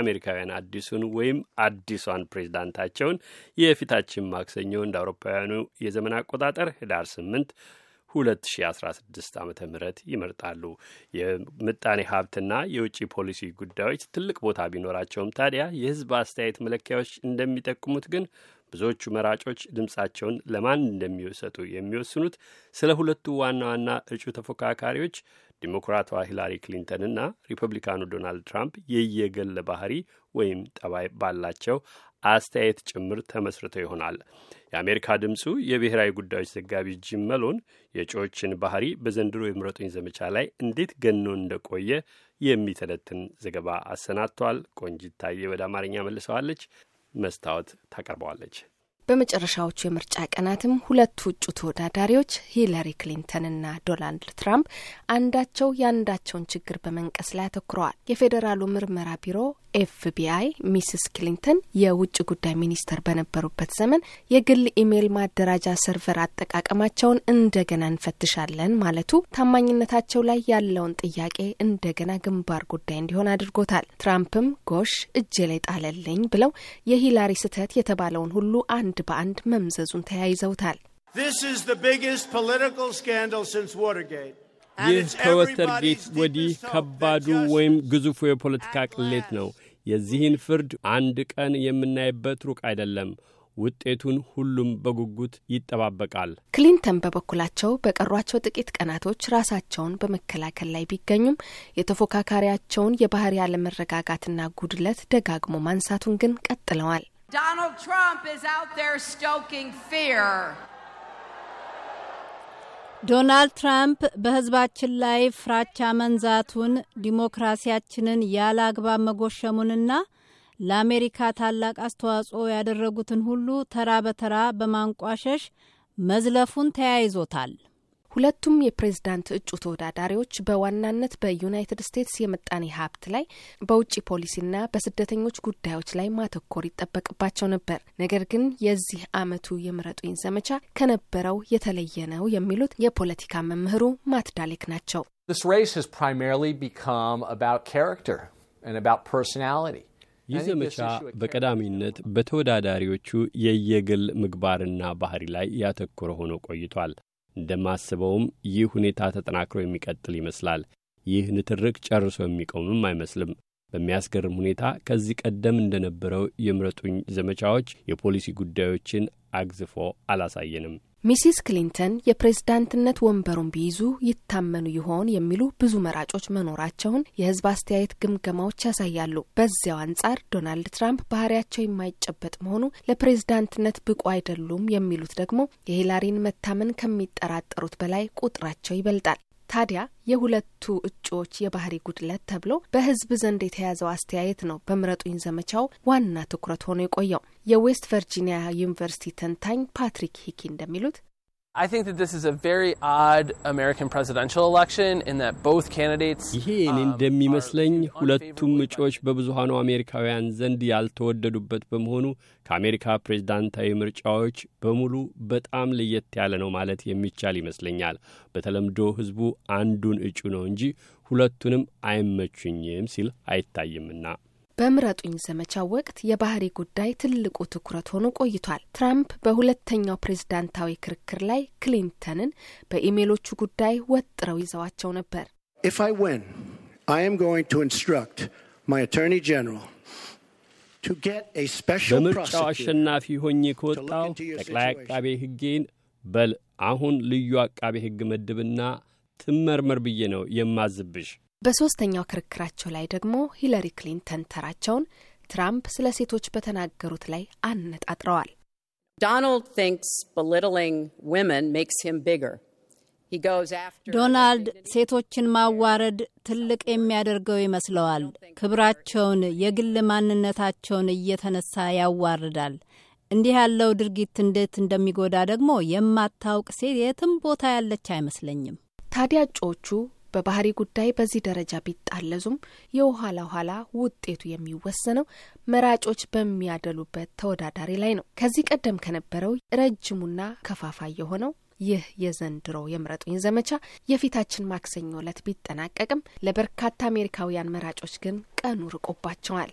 አሜሪካውያን አዲሱን ወይም አዲሷን ፕሬዝዳንታቸውን የፊታችን ማክሰኞ እንደ አውሮፓውያኑ የዘመን አቆጣጠር ህዳር 8 2016 ዓ ም ይመርጣሉ። የምጣኔ ሀብትና የውጭ ፖሊሲ ጉዳዮች ትልቅ ቦታ ቢኖራቸውም ታዲያ የህዝብ አስተያየት መለኪያዎች እንደሚጠቁሙት ግን ብዙዎቹ መራጮች ድምፃቸውን ለማን እንደሚሰጡ የሚወስኑት ስለ ሁለቱ ዋና ዋና እጩ ተፎካካሪዎች ዲሞክራቷ ሂላሪ ክሊንተን እና ሪፐብሊካኑ ዶናልድ ትራምፕ የየገለ ባህሪ ወይም ጠባይ ባላቸው አስተያየት ጭምር ተመስርቶ ይሆናል። የአሜሪካ ድምፁ የብሔራዊ ጉዳዮች ዘጋቢ ጂም መሎን የእጩዎችን ባህሪ በዘንድሮ የምረጡኝ ዘመቻ ላይ እንዴት ገኖ እንደቆየ የሚተነትን ዘገባ አሰናድቷል። ቆንጂት ታዬ ወደ አማርኛ መልሰዋለች። መስታወት ታቀርበዋለች። በመጨረሻዎቹ የምርጫ ቀናትም ሁለቱ እጩ ተወዳዳሪዎች ሂለሪ ክሊንተንና ዶናልድ ትራምፕ አንዳቸው የአንዳቸውን ችግር በመንቀስ ላይ አተኩረዋል። የፌዴራሉ ምርመራ ቢሮ ኤፍቢአይ ሚስስ ክሊንተን የውጭ ጉዳይ ሚኒስተር በነበሩበት ዘመን የግል ኢሜይል ማደራጃ ሰርቨር አጠቃቀማቸውን እንደገና እንፈትሻለን ማለቱ ታማኝነታቸው ላይ ያለውን ጥያቄ እንደገና ግንባር ጉዳይ እንዲሆን አድርጎታል። ትራምፕም ጎሽ እጄ ላይ ጣለልኝ ብለው የሂላሪ ስህተት የተባለውን ሁሉ አንድ በአንድ መምዘዙን ተያይዘውታል። ይህ ከወተርጌት ወዲህ ከባዱ ወይም ግዙፉ የፖለቲካ ቅሌት ነው። የዚህን ፍርድ አንድ ቀን የምናይበት ሩቅ አይደለም። ውጤቱን ሁሉም በጉጉት ይጠባበቃል። ክሊንተን በበኩላቸው በቀሯቸው ጥቂት ቀናቶች ራሳቸውን በመከላከል ላይ ቢገኙም የተፎካካሪያቸውን የባህሪ አለመረጋጋትና ጉድለት ደጋግሞ ማንሳቱን ግን ቀጥለዋል። ዶናልድ ትራምፕ በህዝባችን ላይ ፍራቻ መንዛቱን ዲሞክራሲያችንን ያለ አግባብ መጎሸሙንና ለአሜሪካ ታላቅ አስተዋጽኦ ያደረጉትን ሁሉ ተራ በተራ በማንቋሸሽ መዝለፉን ተያይዞታል። ሁለቱም የፕሬዝዳንት እጩ ተወዳዳሪዎች በዋናነት በዩናይትድ ስቴትስ የምጣኔ ሀብት ላይ በውጭ ፖሊሲና በስደተኞች ጉዳዮች ላይ ማተኮር ይጠበቅባቸው ነበር። ነገር ግን የዚህ አመቱ የምረጡኝ ዘመቻ ከነበረው የተለየ ነው የሚሉት የፖለቲካ መምህሩ ማትዳሌክ ናቸው። ይህ ዘመቻ በቀዳሚነት በተወዳዳሪዎቹ የየግል ምግባርና ባህሪ ላይ ያተኮረ ሆኖ ቆይቷል። እንደማስበውም ይህ ሁኔታ ተጠናክሮ የሚቀጥል ይመስላል። ይህ ንትርክ ጨርሶ የሚቆምም አይመስልም። በሚያስገርም ሁኔታ ከዚህ ቀደም እንደነበረው የምረጡኝ ዘመቻዎች የፖሊሲ ጉዳዮችን አግዝፎ አላሳየንም። ሚሲስ ክሊንተን የፕሬዝዳንትነት ወንበሩን ቢይዙ ይታመኑ ይሆን የሚሉ ብዙ መራጮች መኖራቸውን የህዝብ አስተያየት ግምገማዎች ያሳያሉ። በዚያው አንጻር ዶናልድ ትራምፕ ባህሪያቸው የማይጨበጥ መሆኑ ለፕሬዝዳንትነት ብቁ አይደሉም የሚሉት ደግሞ የሂላሪን መታመን ከሚጠራጠሩት በላይ ቁጥራቸው ይበልጣል። ታዲያ የሁለቱ እጩዎች የባህሪ ጉድለት ተብሎ በህዝብ ዘንድ የተያዘው አስተያየት ነው በምረጡኝ ዘመቻው ዋና ትኩረት ሆኖ የቆየው። የዌስት ቨርጂኒያ ዩኒቨርሲቲ ተንታኝ ፓትሪክ ሂኪ እንደሚሉት ይሄ እኔ um, እንደሚመስለኝ ሁለቱም እጩዎች በብዙሃኑ አሜሪካውያን ዘንድ ያልተወደዱበት በመሆኑ ከአሜሪካ ፕሬዝዳንታዊ ምርጫዎች በሙሉ በጣም ለየት ያለ ነው ማለት የሚቻል ይመስለኛል። በተለምዶ ህዝቡ አንዱን እጩ ነው እንጂ ሁለቱንም አይመቹኝም ሲል አይታይምና። በምረጡኝ ዘመቻው ወቅት የባህሪ ጉዳይ ትልቁ ትኩረት ሆኖ ቆይቷል። ትራምፕ በሁለተኛው ፕሬዝዳንታዊ ክርክር ላይ ክሊንተንን በኢሜሎቹ ጉዳይ ወጥረው ይዘዋቸው ነበር። በምርጫው አሸናፊ ሆኜ ከወጣው ጠቅላይ አቃቤ ሕጌን በል አሁን ልዩ አቃቤ ሕግ መድብና ትመርመር ብዬ ነው የማዝብሽ በሶስተኛው ክርክራቸው ላይ ደግሞ ሂለሪ ክሊንተን ተራቸውን ትራምፕ ስለ ሴቶች በተናገሩት ላይ አነጣጥረዋል። ዶናልድ ሴቶችን ማዋረድ ትልቅ የሚያደርገው ይመስለዋል። ክብራቸውን፣ የግል ማንነታቸውን እየተነሳ ያዋርዳል። እንዲህ ያለው ድርጊት እንዴት እንደሚጎዳ ደግሞ የማታውቅ ሴት የትም ቦታ ያለች አይመስለኝም። ታዲያ እጩዎቹ በባህሪ ጉዳይ በዚህ ደረጃ ቢጣለዙም የኋላ ኋላ ውጤቱ የሚወሰነው መራጮች በሚያደሉበት ተወዳዳሪ ላይ ነው። ከዚህ ቀደም ከነበረው ረጅሙና ከፋፋይ የሆነው ይህ የዘንድሮ የምረጡኝ ዘመቻ የፊታችን ማክሰኞ ዕለት ቢጠናቀቅም ለበርካታ አሜሪካውያን መራጮች ግን ቀኑ ርቆባቸዋል።